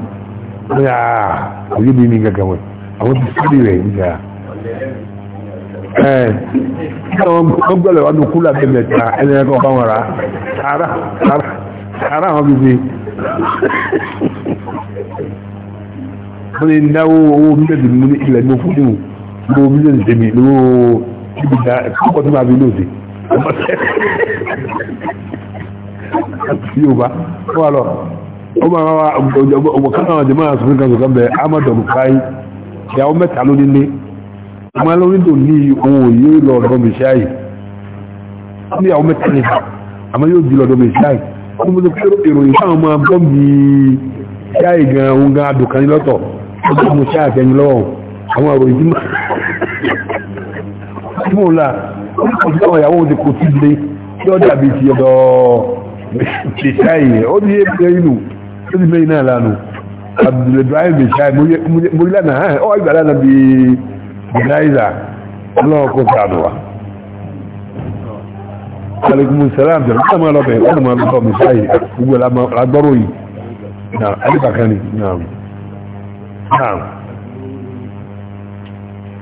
wọ́n ah, yà á òye bí ní ilẹ̀ ní òfúdùn lówó mílíọ̀nù tèmi lówó tíbi dá ẹ̀kọ́ tó máa fi lóòsè yóò bá wà lọ ọmọ àwọn kan náà jẹmọ́ àṣírí kan sọ̀kan bẹ amadu bukai ìyàwó mẹ́ta ló nílé ọmọ alórídò ní ohun òye lọ ọ̀dọ́ mẹ́ṣáì ní ìyàwó mẹ́ta ní àmọ́ yóò di lọ́dọ̀ mẹ́ṣáì ọmọ tó kéré ìròyìn fáwọn ọmọ abọ́m bí ṣáì gan-an gan adùnkan lọ́tọ̀ ọjọ́ mẹ́ṣáì fẹ́yìn lọ́wọ́ àwọn ìròyìn tí mọ́lá oníkọ̀ọ́sí ọmọ ìyàwó òde kò tí lé tí ó dàbí ti ọ̀dọ̀ mẹ́ṣáì ó ní èpè inú tó ní mẹ́yìn náà lánàá abdulbrahim mẹ́ṣáì mo rí lánàá ìgbà lánàá bí gbẹ̀dáìzà ọlọ́ọ̀kọ́ sàdùwà alaikum salam jẹ́ ọmọ ọlọ́bẹ̀ ọmọ ọlọ́bẹ̀ mẹ́ṣáì gbogbo lágbọ́rò yìí alìbàkan ni naam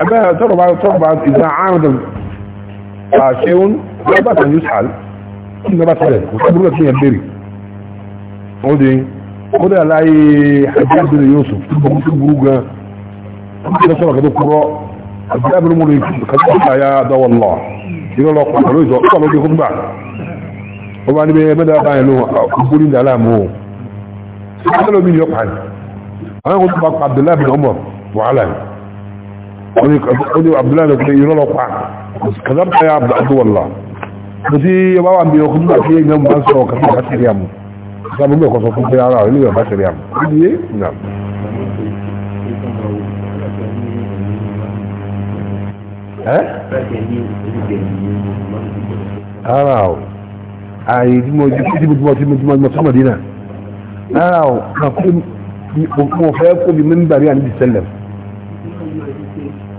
أبا ترى بعد ترى بعد إذا عامد شيء لا بأس أن يسأل كنا بأس عليه وصبر لك فيها البري ودي ودي على حجاج بن يوسف تبقى مسلم بروجا كنا صار كده قراء أبدا بن مولي كده يا دو الله يقول الله قالوا إذا قالوا دي خطبة وبعد بدأ باينه قبولين دعلامه قالوا مين يقعد أنا قلت بقى عبد الله بن عمر وعلي قولي عبد الله لك يرى بس كذبت يا عبد عبد والله بس يا بابا عم بياخذ لك هي جنب بس هو كثير كثير يا عم كان بقول لك صوت يا عم اللي بس يا عم بدي نعم ها أراو أي دي موجود دي موجود دي موجود مدينة أراو أقول مفاجأة بمنبر يعني بيسلم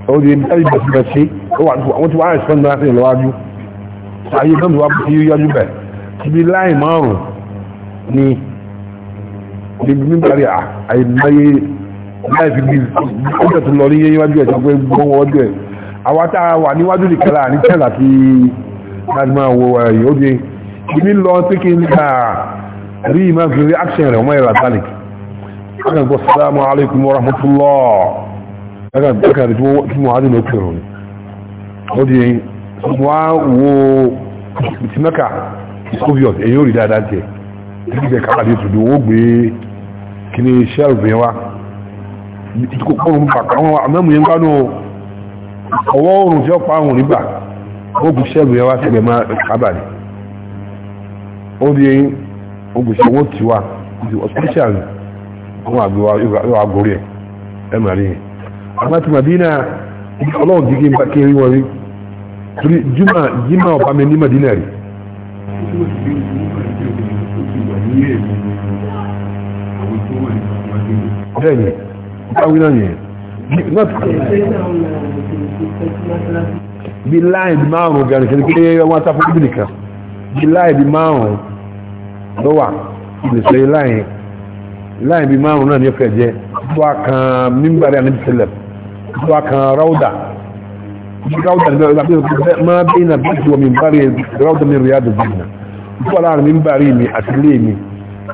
ó di ẹbí bẹ̀sibẹ̀sí ó wà nípa àwọn tí wọ́n á ẹ̀sìn náà sí ìlọ́wájú ayé náà ló wá bí yọjú bẹ̀ síbi láì márùn ni níbi nígbàrí àìmáyé láì fi bí ọjọ́ tó lọ ní yé níwájú ẹ̀ tó pé gbọ́n ọjọ́ ẹ̀ àwa tá a wà níwájú nìkẹ́lá ní tẹ́lá àti láti máa wo ẹ̀yìn ó di ibi lọ pé kí n gbà rí ìmáà fi rí action rẹ̀ ọmọ ìrà talik. Akẹ́kọ̀ọ́ sàlámù alaykum wa rahmatullah. aka ìgbàkàrí tí wọ́n adé lókè rọ̀ ni ó di wá wo ti mẹ́ka soviet èyí ò rí dáadáa jẹ títí jẹ káàdì ìtùdó ó gbé kíní shelf yẹn wá tiwa àmàtí madina ọlọ́run jíkí ń bá kéré wọn rí torí jimá jimá ọba mi ní madina rí. bẹ́ẹ̀ni báwí náà yẹn bí láì bí márùn-ún gẹ̀rẹ̀ kìí pé wọ́n sáfún bíbìlì kan bí láì bí márùn-ún lọ́wà ìlẹ̀sẹ̀ láì láì bí márùn-ún náà ní ọ̀fẹ́ jẹ́ wọ́n kan mímbàrí àníbìsẹ̀lẹ̀ وكان روضة روضة ما بين بيت ومن باري روضة من رياض الجنة ولا من باريمي أتليمي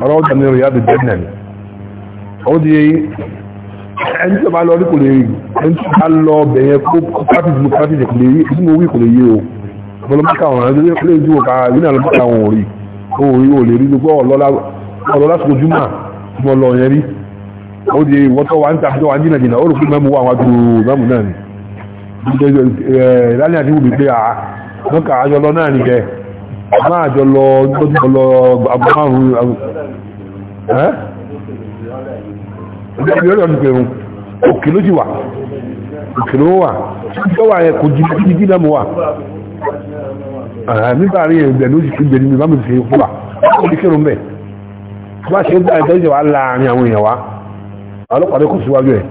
روضة من رياض الجنة أودي أنت ما لو لكل يوم أنت ما لو بيكوب كفاتي ديمقراطي لكل يوم اسمه وي كل يوم bọ́lá mọ́ká wọn àti ilé ìjú ọ̀ká ìrìnà lọ́pàá wọn ò rí o rí o lè rí gbogbo ọ̀lọ́lá ọ̀lọ́lá sójúmà mọ́ lọ yẹn rí ó di wọ́tọ́ wa ń ta àjọ wa ń jìnà ó rò pé mẹ́mu wà wá ju mẹ́mu náà ni lálẹ́ àti wùmí pé àá wọ́n náà nìkẹ́ máa jọ lọ tọ́jú lọ ún ẹ́ ìjọba yóò lọ nípe òun òkè ló ti wà òkè ló wà tó wà yẹ kò jìnà jìnà jìnà mu wà nígbà rí ẹ̀gbẹ̀ ló sì kí gbẹ̀ nínú ìbámu ti fi kú wà ó ní ọlọ́pàá ní kò síwájú ẹ̀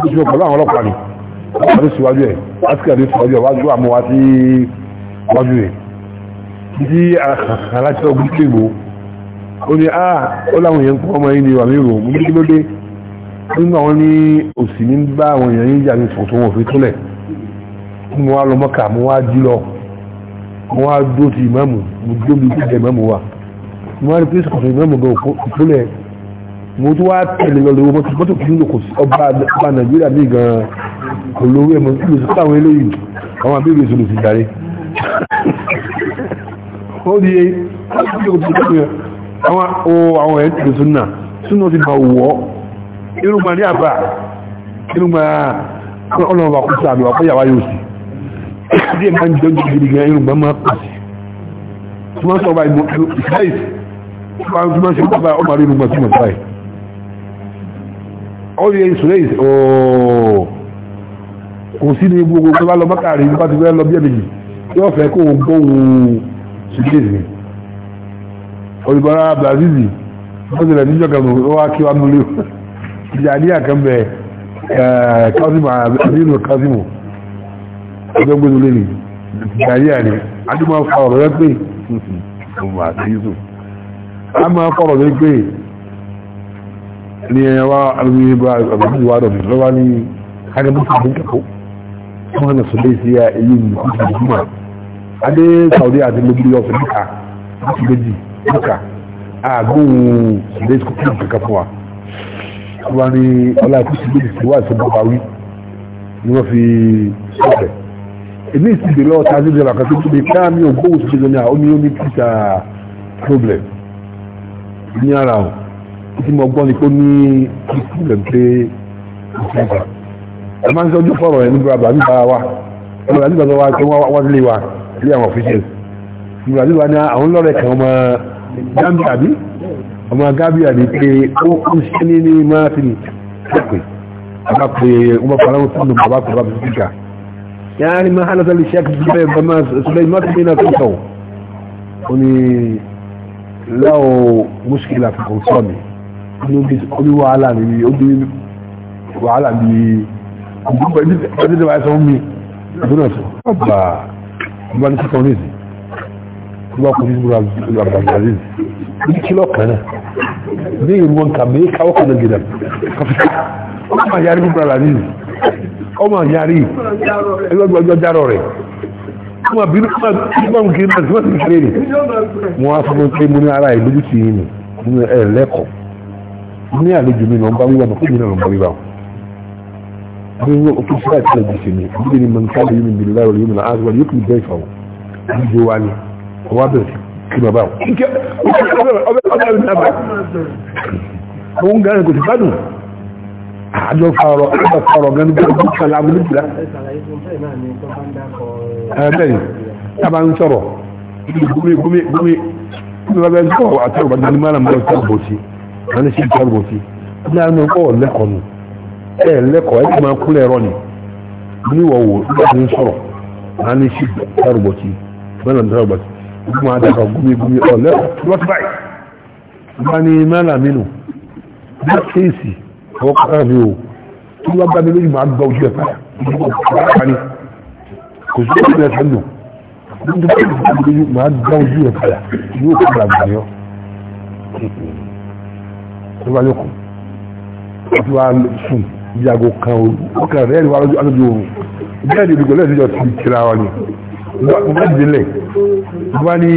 kò síwájú pẹ̀lú àwọn ọlọ́pàá ní ọlọ́pàá ní síwájú ẹ̀ lásìkò ní síwájú ẹ̀ wájú àmọ́ wá sí wájú ẹ̀ títí aláṣẹ ogun tó ìbò ó ní a ó láwọn èèyàn kọ́ ọmọ yìí ni wàmí rò mú kí ló dé nínú àwọn ní òsì ní bá àwọn èèyàn yìí yàrá ìfòtò wọn fi túnlẹ̀ mo wá lọ mọ́kà mo wá jí lọ mo wá dó ti ìmáàmù mo dó mi kí ìjẹ mo tún wá tẹ̀lé lọ lówó mọ́tò kí ló kò sí ọba nàìjíríà ní gan olówó ẹ̀mọ́ kí ló sì táwọn eléyìí àwọn abẹ́rẹ́ ìṣòro sì darí ó di ẹ àwọn àwọn ẹ̀ tẹ̀lé súnà súnà ti bá wọ́ irúgbà ní àbá irúgbà ọlọ́ọ̀bà kò sàbí wà fẹ́yàwá yóò sì díẹ̀ máa ń jẹ́ ojú gidi gan irúgbà máa pọ̀ sí tí wọ́n sọ ọba ìmọ̀ ìsáìsì tí wọ́n sọ ọba ọmọ ọ̀rẹ́ ìṣúrẹ́sì ooo kò sí ní gbogbo gbogbo lọ mọ́kàrí nípa ti fẹ́ lọ bí ẹ̀mí yóò fẹ́ kó gbóhùn ṣùgbẹ́sì olùbọ̀rá Brazil ó ti rẹ̀ níjọ́ kan ló wá kí wá múlé mbe ee àkànbẹ̀ kásìmù àbínú kásìmù ọjọ́ mgbe lé ní ìjà ní àní adúmọ̀ fọ̀rọ̀ rẹ pé ọmọ àti Yusuf a máa fọ̀rọ̀ rẹ ebe. ni ya wa alwi ba abin wa da rawa ni kaga mutum din kako kuma na sulai sai ya yi ni kuma kuma ade saudi a dillu biyo su duka gaji duka a gun sulai ku kuma kafuwa wa ni wala ku su bi wa su bawi ni wa fi sore èmi sì bèrè ọ̀tá àdébìrì àkàtúntò tó lè ká mi ò gbóhùn sí ìjọba ní àwọn omi omi pizza problem ní ara ọ̀ tí mo gbọ́ ni pé ní ìsìn rẹ̀ pé ìsìn ìgbà ẹ máa ń sọ́jú fọ̀rọ̀ ẹ̀ nígbà bàbá nígbà wa ọ̀rọ̀ àdìgbà tó wá pé wọ́n lé wa lé àwọn officials ìgbà àdìgbà ni àwọn lọ́rẹ̀ kan ọmọ Gambia bí ọmọ Gambia ni pé ó ń ṣe ní ní máa fi ṣẹ́pẹ̀ bàbá pé wọ́n bá fara wọn sínú bàbá kò bá fi ṣíkà yára ni máa hàn lọ́tọ́ lè ṣe àkíkí bàbá sọ̀rọ̀ ọdún wàhálà mi ọdún wàhálà mi àgbọ̀gbọ̀ ẹbí tí wàá sọ fún mi ìdúró sọ ọba ọba ní sísọ ní ìsìn ọba kò ní ìsìn ọba àbàbàbàbàbà ní kílọ̀ kan náà ìlú wọn kà mí káwọ́ kan náà gidà ọba máa yarí fún brada ní ọba máa yarí ẹgbẹ́ ọjọ́ járọ rẹ̀ ọba bí ọba ń kiri náà tí wọ́n ti kiri ni wọ́n á sọ fún pé mo ní ara ìlú ti yìí ni mo ní ẹ̀ lẹ́kọ̀ọ́ ní àlejò mi náà ń bá wíwá náà fún mi náà ń bá wíwá bí wọ́n ó tún síláà tílẹ̀ jìṣẹ́ ni bí ní mọ̀nkálẹ̀ yìí mi láwọ̀ yìí mi náà àgbà yóò kìí bẹ́ẹ̀ fàwọ̀ àlejò wa ni ọwọ́ bẹ̀rẹ̀ kí bàbá wọn. òun gan kò sí gbádùn àjọ fàrọ̀ àjọ fàrọ̀ gan nígbà tó kàn láàbù ní ìlà. bẹ́ẹ̀ ni tábà ń sọ̀rọ̀ gómìnà gómìnà gómìnà bá bẹ́ẹ̀ sọ̀rọ̀ àtẹ̀wọ̀ wọ́n ní sí ìjọba sí láàánú ọ̀ lẹ́kọ̀ọ́ nù ẹ̀ lẹ́kọ̀ọ́ ẹ̀ tí máa kú lẹ́rọ ni níwọ̀ wò nígbà tí ń sọ̀rọ̀ wọ́n ní sí ìjọba sí mẹ́lá ní ìjọba sí wọ́n máa dàgbà gúmi gúmi ọ̀ lẹ́kọ̀ọ́ lọ́tí báyìí wọ́n ní mẹ́lá mínú bí kéèsì àwọn kọ́kọ́ mi ò tí wọ́n bá mi lóyún máa gbọ́ ojú ẹ̀ padà ojú ẹ̀ padà yóò kọ́ tó bá yọkù àti wá fún ìyàgò kan ooru ó kàn rẹ̀ ẹ̀rí wá lójú alójú ooru bẹ́ẹ̀ ni olùgbọ́lẹ̀ ìjọ ti tira wa ni mo bá dìde lẹ̀ mo bá ní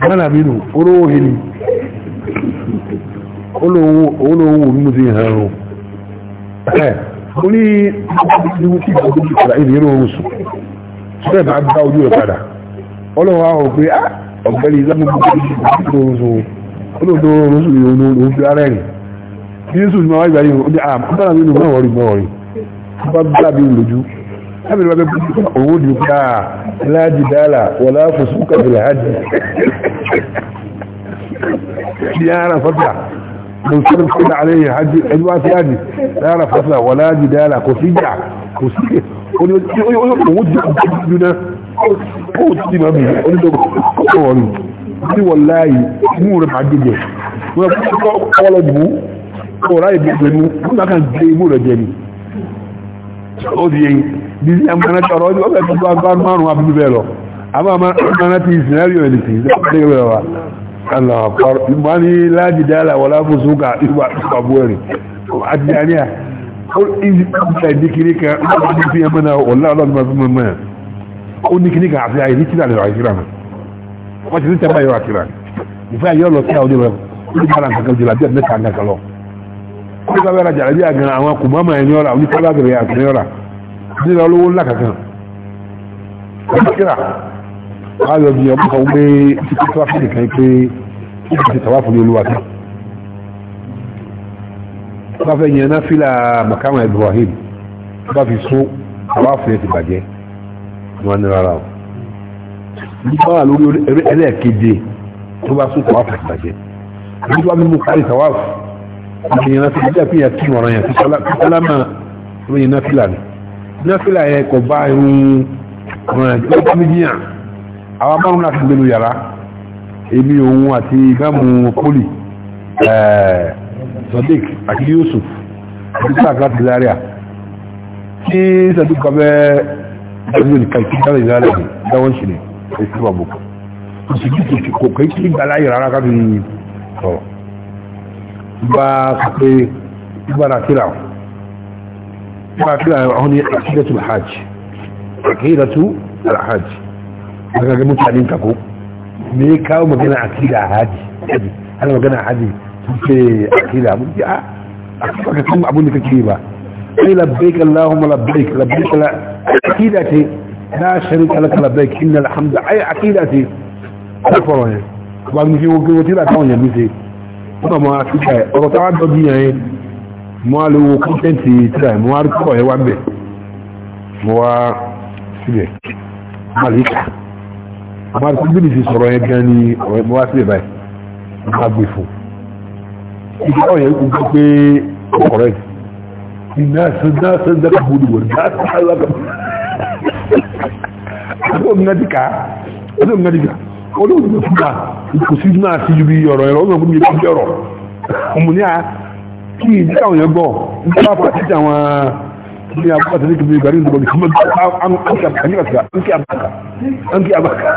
gánà mi nù olówó yìí ni olówó mi mo o ní ìdíwú tí ìgbà tó ti tira ìdí yẹn sùn bẹ́ẹ̀ bá gbá ojú rẹ̀ padà ọlọ́wọ́ àwọn òpin ah, ọ̀gbẹ́ni ìlànà gbogbo ìdíwú tí ìgbà sùn olóòdó oorun sùn ìrònú òun yíṣù ma wá ìgbàyìn ó ní àbúrà nínú náà wọ́rí bọ́ọ̀rí bá dábí lójú lábẹ̀rẹ̀ bá bẹ́ owó di pa láàájì dáàlà wọ́n láàfò súnkà bìlà ájì ní ara fọ́tà lọ sí ọdún alẹ́ ìhájì ẹgbẹ́ wá sí ájì lára fọ́tà wọ́n láàájì dáàlà kò sí ìjà kò sí owó di jùlọ ó ti mọ̀ mi onídọ́gbọ̀n wọ́n rí wọ́n láàyè mú rẹ̀ máa gẹ́gẹ́ wọ́n kọ́ ọlọ́dún ọ̀rá ìgbẹ̀mú nígbàkan gbé imú rẹ̀ jẹni ó di yẹn bí i amúnáti ọ̀rọ̀ ọjọ́ ọ̀fẹ́ tuntun agbára márùn-ún abúlé bẹ́ẹ̀ lọ àmọ́ amúnáti ìsìnárìò ẹni tí ìsìnárìò wa aláàkọ́ ìmọ̀ ní láti dára wọlá fún súnkà ìwà ìpàbú ẹ̀rìn àti àríà ó ní kìíní kan ó ní fi ẹmọ náà ọ̀lá ọlọ́dún máa fi mọ́ mọ́ ó ní kìíní kan àti àyè ní kíra lọ àkíra náà wọ́n ti ní tẹ́lá yọ àkíra ìfẹ́ yọ lọ sí àwọn onímọ̀ ó ní bára nǹkan kan jùlọ àbí kó sábẹ́ ra jàrẹ́bí àgàn àwọn kùmọ́mọ̀ ẹni ọ̀rà oníkọ́lá bẹ̀rẹ̀ àtúnyẹ́ ọ̀rà nílẹ̀ olówó ńlá kankan kíkíra ayọ̀ bí ọmọ kan gbé títí tráfíìkì kan pé kíkì ti tàwá fún olúwa kan bá fẹ́ yẹn náà fílà makama Ibrahim bá fi sún tàwá fún ẹ ti bàjẹ́ wọn ní rárá o nígbà wà lórí ẹlẹ́ẹ̀keje tó bá sún tàwá fún ẹ ti bàjẹ́ nígbà mímú kárí tàwá fún ìyẹn náà fi jẹ́ pé yẹn tún ọ̀rọ̀ yẹn fi sálámà lóyìn náfìlà ni náfìlà yẹn kò bá irun ọ̀rọ̀ yẹn lọ́jọ́ méjì yàn àwọn márùn láti gbénu yàrá èmi òun àti ìgbàmù poli sadiq àti yusuf àti sáàkì láti zaria tí sadiq kọ́ bẹ́ẹ̀ gbẹ́gbẹ́ nìkan kí láti zaria ni dáwọn ṣe ni èsì bàbùkù kò sì kí kò kí gbàláyè rárá káfíń sọ̀rọ̀ bá sọ pé gbára kíra gbára kíra àwọn ní àkídàtù hajj àkídàtù alhajj daga ga mutanen kako me ya kawo magana akida hajj ana magana hajj sun ce akida mun ji a ka san abin da kake ba sai labbaik allahumma labbaik labbaik la akida ce la sharika laka labbaik innal hamda ay akida ọ̀nà mọ́ àfíkà ẹ̀ ọ̀rọ̀ táwọn dọ́bí yẹn yẹn mọ́ á lè wo kọ́ńtẹ́ǹtì tíra ẹ̀ mọ́ á rí kọ́ ẹ̀ wá ń bẹ̀ mọ́ wá síbẹ̀ má lè kà má rí kọ́ńtẹ́ǹtì ti sọ̀rọ̀ yẹn gan ni ọ̀rọ̀ mọ́ wá síbẹ̀ báyìí má gbé fún ìgbà ọ̀yẹ́ olóògùn ló fúnka kò sí náà síjú bí ọ̀rọ̀ ẹ̀rọ ọ̀gbọ̀n mi bí ọ̀rọ̀ ọmọ ní a kí ìdí àwọn yẹn gbọ́ nípa pàtí àwọn ní abúlé àti nígbà ìgbà ní ìdìbò nìkan mọ́ nkí abaka nkí abaka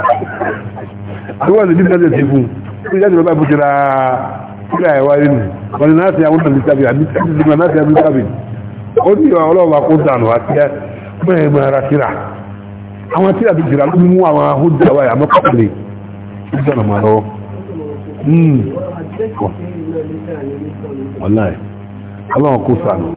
àwọn ọ̀nà ìdíjẹ́ ti fún un ìdíjẹ́ ti lọ bá ibùsùn ra kíra ẹ̀wá rí nù wọn ni náà ti àwọn ọ̀nà ìtàbí àbí ìdìbò náà ti àbí ìtàbí ó ní ìwà ọlọ́wà kó dànù àti mẹ́rin mẹ́ra kíra àwọn tíra ti jìrà ló mú àwọn ahójú ìjọba máa lọ́wọ́ hmm. wọ́n láì ọlọ́run kó sànù